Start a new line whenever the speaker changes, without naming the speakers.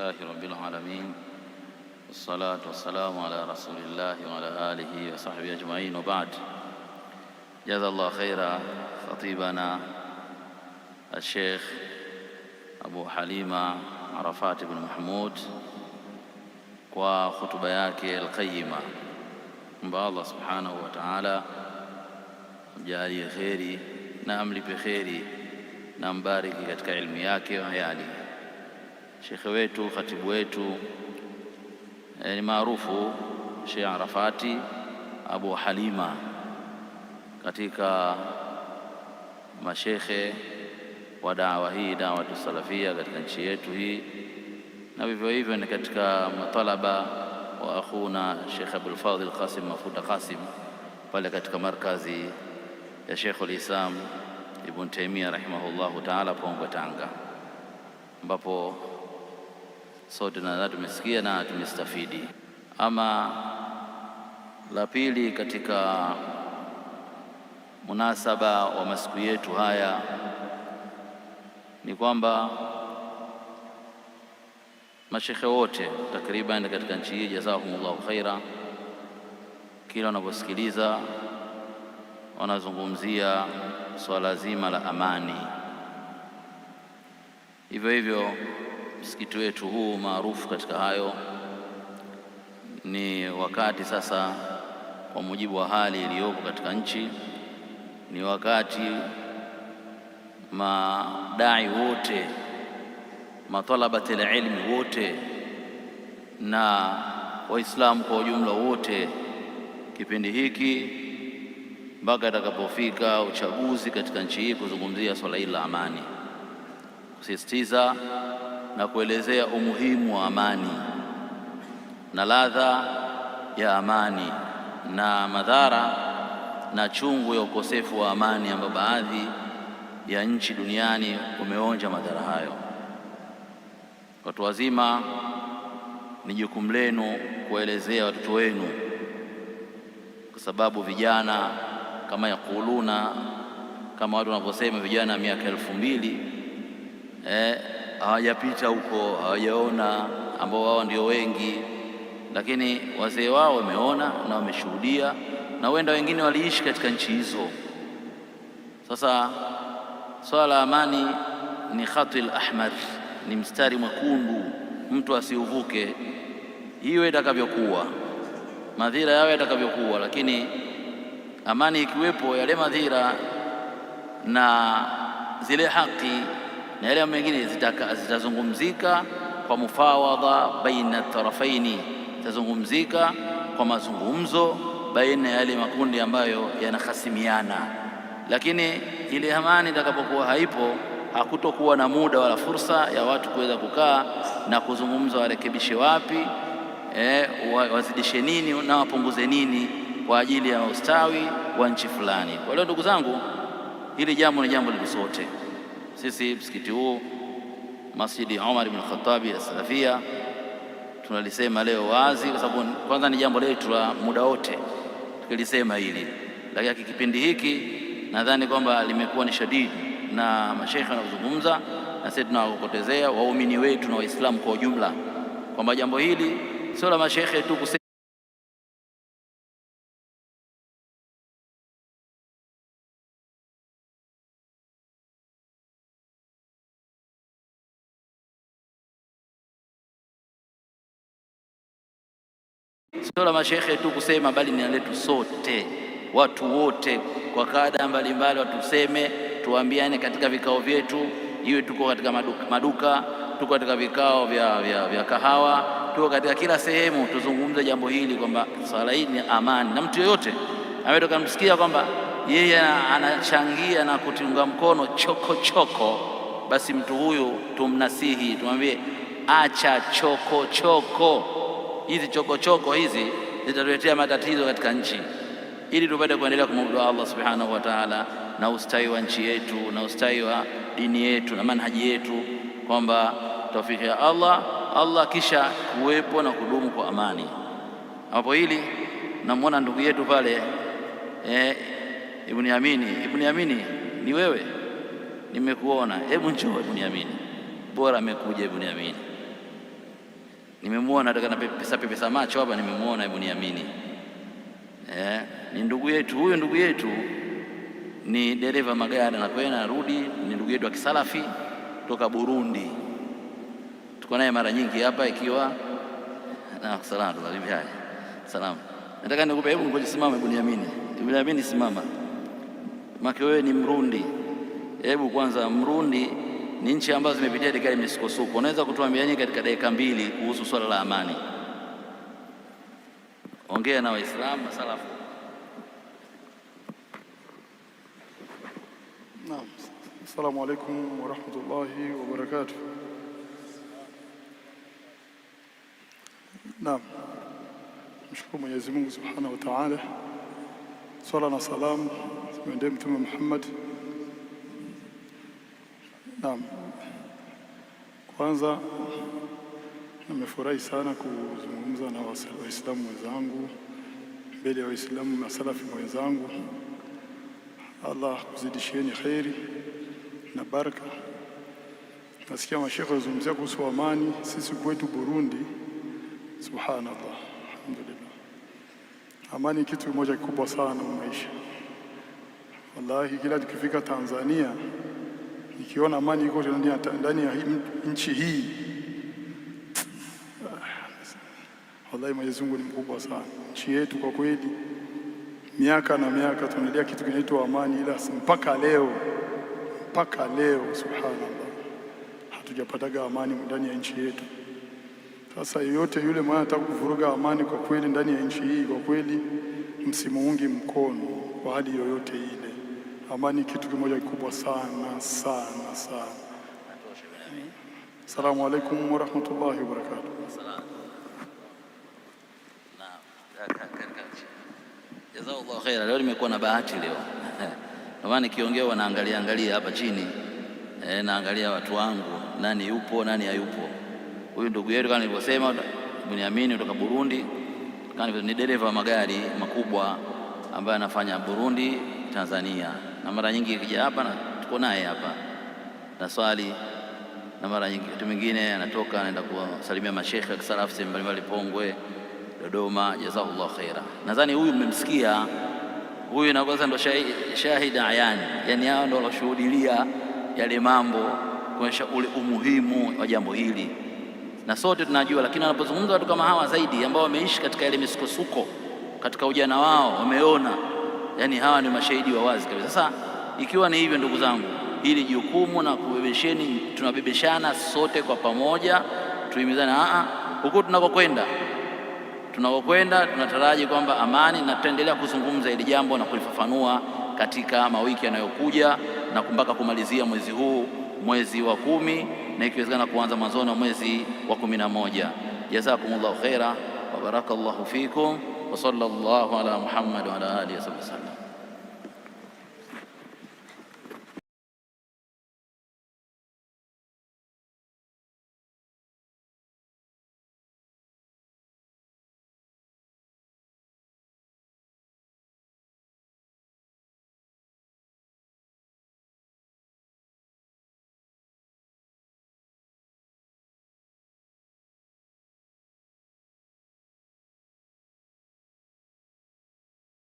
Alhamdulillahi rabbil alamin wassalatu wassalamu ala rasulillahi wa ala alihi wa sahbihi ajmain wa ba'd. Jazallahu khaira khatibana Sheikh Abu Halima Arafat ibn Mahmud kwa khutuba yake alqayima, mba Allah subhanahu wa ta'ala mjalie kheri na amlipe kheri na mbariki katika ilmu yake wa shekhe wetu khatibu wetu e, ni maarufu Sheikh Arafati Abu Halima katika mashekhe wa dawa hii dawatu salafia katika nchi yetu hii, na vivyo hivyo ni katika matalaba wa akhuna Sheikh Abul Fadhil Qasim Mafuta Qasim pale katika markazi ya Sheikhul Islam Ibn Taymiyyah rahimahullahu taala Pongwe, Tanga ambapo sote nadhani tumesikia na tumestafidi. Ama la pili, katika munasaba wa masiku yetu haya ni kwamba mashekhe wote takriban katika nchi hii jazakumullahu khaira, kila wanaposikiliza wanazungumzia swala zima la amani, hivyo hivyo msikiti wetu huu maarufu katika hayo ni wakati sasa, kwa mujibu wa hali iliyopo katika nchi, ni wakati madai wote matalabati ilmi wote na Waislamu kwa ujumla wote, kipindi hiki mpaka atakapofika uchaguzi katika nchi hii, kuzungumzia swala hili la amani, kusisitiza na kuelezea umuhimu wa amani na ladha ya amani na madhara na chungu ya ukosefu wa amani, ambayo baadhi ya nchi duniani umeonja madhara hayo. Watu wazima, ni jukumu lenu kuwaelezea watoto wenu, kwa sababu vijana kama yakuluna, kama watu wanavyosema vijana miaka elfu mbili eh, hawajapita huko, hawajaona, ambao wao ndio wengi, lakini wazee wao wameona na wameshuhudia, na huenda wengine waliishi katika nchi hizo. Sasa swala la amani ni khatil ahmar, ni mstari mwekundu, mtu asiuvuke, iwe itakavyokuwa, madhira yao yatakavyokuwa, lakini amani ikiwepo, yale madhira na zile haki na yale mengine zitazungumzika kwa mufawadha baina tarafaini, zitazungumzika kwa mazungumzo baina ya yale makundi ambayo yanahasimiana. Lakini ile amani itakapokuwa haipo, hakutokuwa na muda wala fursa ya watu kuweza kukaa na kuzungumza, warekebishe wapi, eh, wazidishe nini na wapunguze nini kwa ajili ya ustawi wa nchi fulani. Kwa leo, ndugu zangu, hili jambo ni jambo letu sote. Sisi msikiti huu Masjidi Omar ibn Khattabi As-Salafia tunalisema leo wazi, kwa sababu kwanza ni jambo letu la muda wote tukilisema hili, lakini kipindi hiki nadhani kwamba limekuwa ni shadidi na mashekhe wanazungumza na sisi tunawapotezea waumini wetu na Waislamu kwa ujumla kwamba jambo hili sio la mashekhe tu. sio la mashekhe tu kusema, bali ni letu sote, watu wote kwa kada mbalimbali, watuseme, tuambiane katika vikao vyetu, iwe tuko katika maduka, maduka tuko katika vikao vya, vya, vya kahawa, tuko katika kila sehemu, tuzungumze jambo hili kwamba swala hii ni amani, na mtu yoyote ametoka msikia kwamba yeye anachangia na kutunga mkono chokochoko choko, basi mtu huyu tumnasihi, tumwambie acha chokochoko hizi chokochoko hizi zitatuletea matatizo katika nchi, ili tupate kuendelea kumwabudu Allah subhanahu wa taala, na ustawi wa nchi yetu na ustawi wa dini yetu na manhaji yetu, kwamba tawfiki ya Allah Allah, kisha kuwepo na kudumu kwa amani. Ambapo hili namwona ndugu yetu pale eh, Ibn Yamini. Ibn Yamini ni wewe, nimekuona. Hebu njoo Ibn Yamini, bora amekuja Ibn Yamini. Nimemwona hata kana pepesa pepesa macho hapa, nimemwona hebu niamini. Eh, ni ndugu yetu huyo, ndugu yetu ni dereva magari, kwenda narudi, ni ndugu yetu wa kisalafi toka Burundi. Tuko naye mara nyingi hapa, ikiwa ah, salam. Nataka nikupe, hebu ngoja, simama, hebu niamini, hebu niamini, simama, make wewe ni Mrundi. Hebu kwanza Mrundi ni nchi ambazo zimepitia katika misukosuko. Unaweza kutuambiaje katika dakika mbili kuhusu swala la amani? Ongea na Waislamu salafu.
Naam, assalamu alaykum wa rahmatullahi wa barakatuh. Naam, mshukuru Mwenyezi Mungu subhanahu wa taala, swala na salamu zimeendee Mtume Muhammad Naam, kwanza nimefurahi sana kuzungumza na Waislamu wenzangu mbele ya Waislamu na salafi wenzangu. Allah kuzidishieni kheri na baraka. Nasikia mashekhe wazungumzia kuhusu amani, sisi kwetu Burundi, subhanallah, alhamdulillah, amani kitu kimoja kikubwa sana maisha. Wallahi, kila tukifika Tanzania nikiona amani iko ndani ya nchi hii, wallahi Mwenyezi Mungu ni mkubwa sana. Nchi yetu kwa kweli, miaka na miaka tunalia kitu kinaitwa amani, ila mpaka leo mpaka leo subhanallah, hatujapataga amani ndani ya nchi yetu. Sasa yeyote yule mwana anataka kuvuruga amani kwa kweli ndani ya nchi hii, kwa kweli msimuungi mkono kwa hali yoyote hii. Amani kitu kimoja kikubwa sana sana sana. Asalamu alaykum wa rahmatullahi wa barakatuh.
Jazakallahu khaira. Leo nimekuwa na bahati leo, kwa maana nikiongea wanaangalia angalia hapa chini eh, naangalia watu wangu, nani yupo nani hayupo. Huyu ndugu yetu kama nilivyosema, Bunyamini kutoka Burundi, ni dereva wa magari makubwa ambaye anafanya Burundi Tanzania, na mara nyingi kija hapa na tuko naye hapa na swali, na mara nyingi mtu mwingine anatoka anaenda kusalimia mashekhe kisarafu sehemu mbalimbali, Pongwe, Dodoma, jazakallahu khaira. Nadhani huyu mmemsikia huyu, na kwanza ndo shahidi ayani, yani hao ndo waloshuhudilia yale mambo, kuonyesha ule umuhimu wa jambo hili na sote tunajua, lakini wanapozungumza watu kama hawa zaidi ambao wameishi katika ile misukosuko katika ujana wao, wameona yani hawa ni mashahidi wa wazi kabisa. Sasa ikiwa ni hivyo, ndugu zangu, hili jukumu na kubebesheni, tunabebeshana sote kwa pamoja, tuhimizane ah, ah, huku tunakokwenda tunakokwenda tunataraji kwamba amani, na tutaendelea kuzungumza hili jambo na kulifafanua katika mawiki yanayokuja na mpaka kumalizia mwezi huu, mwezi wa kumi, na ikiwezekana kuanza mwanzoni wa mwezi wa kumi na moja. Jazakumullahu khaira wa barakallahu fikum. وصلى الله على محمد وعلى آله وصحبه وسلم